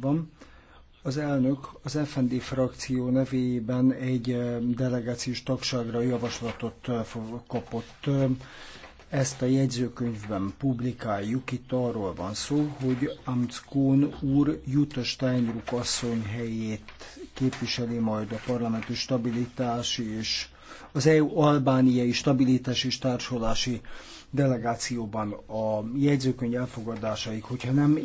van. Az elnök az FND frakció nevében egy delegációs tagságra javaslatot kapott. Ezt a jegyzőkönyvben publikáljuk, itt arról van szó, hogy Amtskón úr Jutta Steinruck asszony helyét képviseli majd a parlamenti stabilitási és az EU albániai stabilitási és társulási delegációban a jegyzőkönyv elfogadásaik, hogyha nem